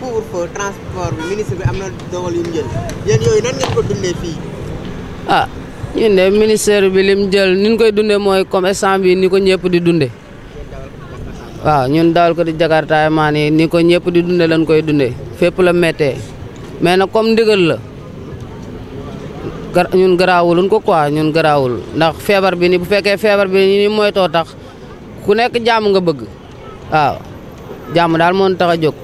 couvre-feu transport bi ministre ah, bi lim jël ni ñu koy dundee mooy comme instant bi ni ko ñëpp di dundee waaw ñun dawal ko di jakartaay maan yi ni ko ñëpp di dunde lañ koy dunde fépp la méttee mais nag comme la. ñun garaawuluñ ko quoi ñun garaawul ndax feebar bi ni bu fekkee feebar bi ni moytoo tax ku nekk jàmm nga bëgg waaw jàmm daal moon tax a jóg.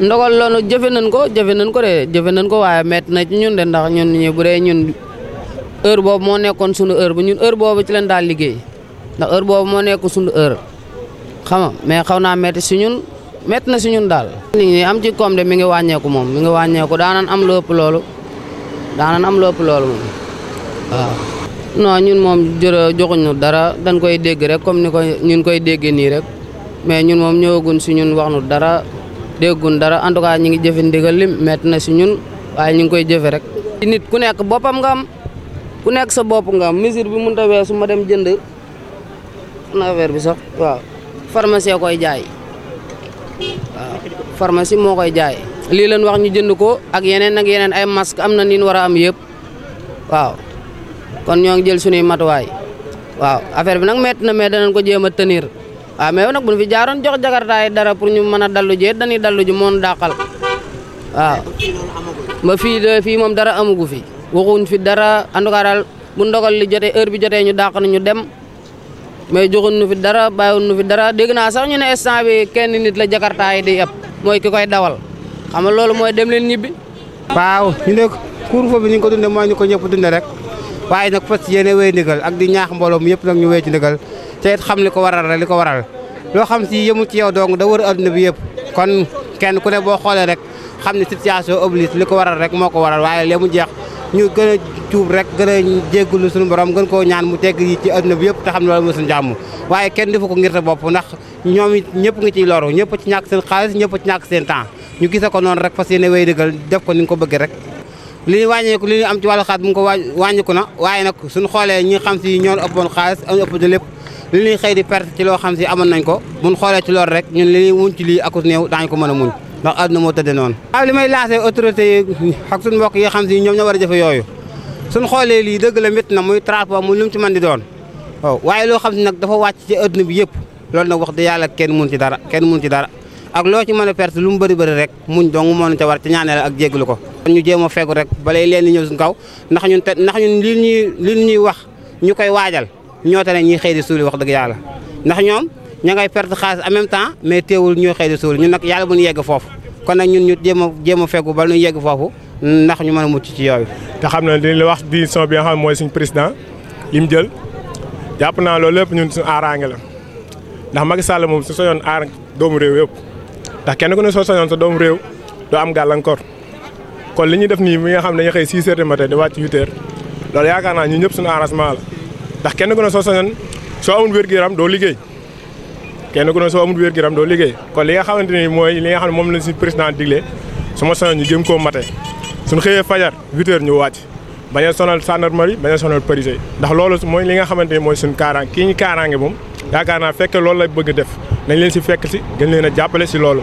ndogal loolu jëfe nañ ko jëfe nañ ko de jëfe nañ ko waaye metti na ci ñun de ndax ñun ñi bu dee ñun heure boobu moo nekkoon sunu heure bu ñun heure boobu ci leen daal liggéey ndax heure boobu moo nekk sunu heure xam nga mais xaw naa metti si ñun met na si ñun daal. nit ñi am ci koom de mi ngi wàññeeku moom mi ngi wàññeeku daanan am lu ëpp daanan am lépp loolu moom waaw. non ñun moom jërë joxuñu dara dañ koy dégg rek comme ni ko ñun koy déggee nii rek mais ñun moom ñëwaguñ si ñun wax nu dara dégguñ dara en tout cas ñu ngi jëfe ndigal li na si ñun waaye ñu ngi koy jëfe rek. nit ku nekk boppam nga am ku nekk sa bopp ngam am mesure bi mënut a weesu ma dem jënd na affaire bi sax waaw pharmacie koy jaay waaw pharmacie moo koy jaay. lii leen wax ñu jënd ko ak yeneen ak yeneen ay masque am na ni ñu war am yëpp waaw kon ñoo ngi jël suñuy matuwaay waaw affaire bi nag métti na mais danañ ko jéem a tenir waaw mais nag bu ñu fi jaaroon jox jakartaay dara pour ñu mën a dallu jee dallu ji moon dàqal waaw ba fii fii moom dara amugu fi waxuñ fi dara en tout cas daal li jotee heure bi jotee ñu dàq na ñu dem mais joxuñ nu fi dara bàyyiwuñ nu fi dara dégg naa sax ñu ne instant bi kenn nit la jakartaay di yeb mooy xam nga loolu mooy dem leen ñibbi. waaw ñu ne couvre-feu bi ñu ko dunde moo ñu ko ñëpp dundee rek waaye nag fas yéene wey ndigal ak di ñaax mbooloo mi yëpp nag ñu wéy ci ndigal te it xam li ko waral rek li ko waral loo xam si yëmul ci yow dong da wër adduna bi yëpp kon kenn ku ne boo xoolee rek xam ne situation oblige li ko waral rek moo ko waral waaye léemu jeex ñu gën a tuub rek gën a jéggulu suñu borom gën koo ñaan mu tegg yi ci adduna bi yëpp te xam ne loolu waaye kenn defu ko ngir sa bopp ndax ñoom it ñëpp nga ciy loru ñëpp ci ñàkk seen xaalis ñëpp ci ñàkk seen temps ñu gise ko noonu rek fas yéene wéy dëggal def ko ni ko bëggee rek li ñu wàññeeku am ci wàllu xaalis mu ngi ko wàññeeku na waaye nag suñu xoolee ñi xam si ñoon ëppoon xaalis am ëpp de lépp li ñuy xëy di perte ci loo xam si amoon nañ ko buñ xoolee ci loolu rek ñun li ñuy muñ ci lii akus néew ko mën a muñ ndax àdduna moo tëddee noonu. waaw li may laasee autorité yi ak suñu mbokk yi xam si ñoom ñoo war a jëfe yooyu suñ xoolee lii dëgg la métti na muy transport mu lu mu ci mën di doon waaw waaye loo xam si nag dafa wàcc ci àdduna bi yëpp loolu nag wax dëgg yàlla kenn mun ci dara kenn mun ci dara ak loo ci mën a perte lu mu bëri bëri rek muñ dong moo ñu ca war ci ñaanal ak jégalu ko. ñu jéem a fegu rek balay leen di ñëw suñu kaw ndax ñun te ndax ñun li ñuy li wax ñu koy waajal ñoo tane ñuy xëy di suuli wax dëgg yàlla ndax ñoom ña ngay perte xaalis en même temps mais teewul ñuy xëy di suul ñun nag yàlla bu yegg foofu kon na ñun ñu jéem a jéem a fegu ba ñu yegg foofu ndax ñu mën a mucc ci yooyu. te xam na li wax di son bi nga xam mooy suñu président li mu jël jàpp naa loolu lépp ñun suñu aaraange la ndax Macky Sall moom su soñoon aar doomu réew yëpp ndax kenn ku ne soo soñoon sa doomu réew doo am gàllankoor kon li ñu def nii mi nga xam ne dañuy xëy 6 mate du matin di wàcc 8 loolu yaakaar naa ñun ñëpp suñu arrangement la ndax kenn ku ne soo soñoon soo amul gu yaram doo liggéey kenn ku ne soo amul wér gi yaram doo liggéey kon li nga xamante mooy li nga xam ne moom lañ si président digle su ma sonal ñu jëm koo mate suñ xëyee fajar 8 ñu wàcc bañ a sonal gendarmerie bañ a sonal police ndax loolu mooy li nga xamante ni mooy suñ kaaraange kii ñu kaaraange moom yaakaar naa fekk loolu la bëgg def nañ leen si fekk si gën leen a jàppale si loolu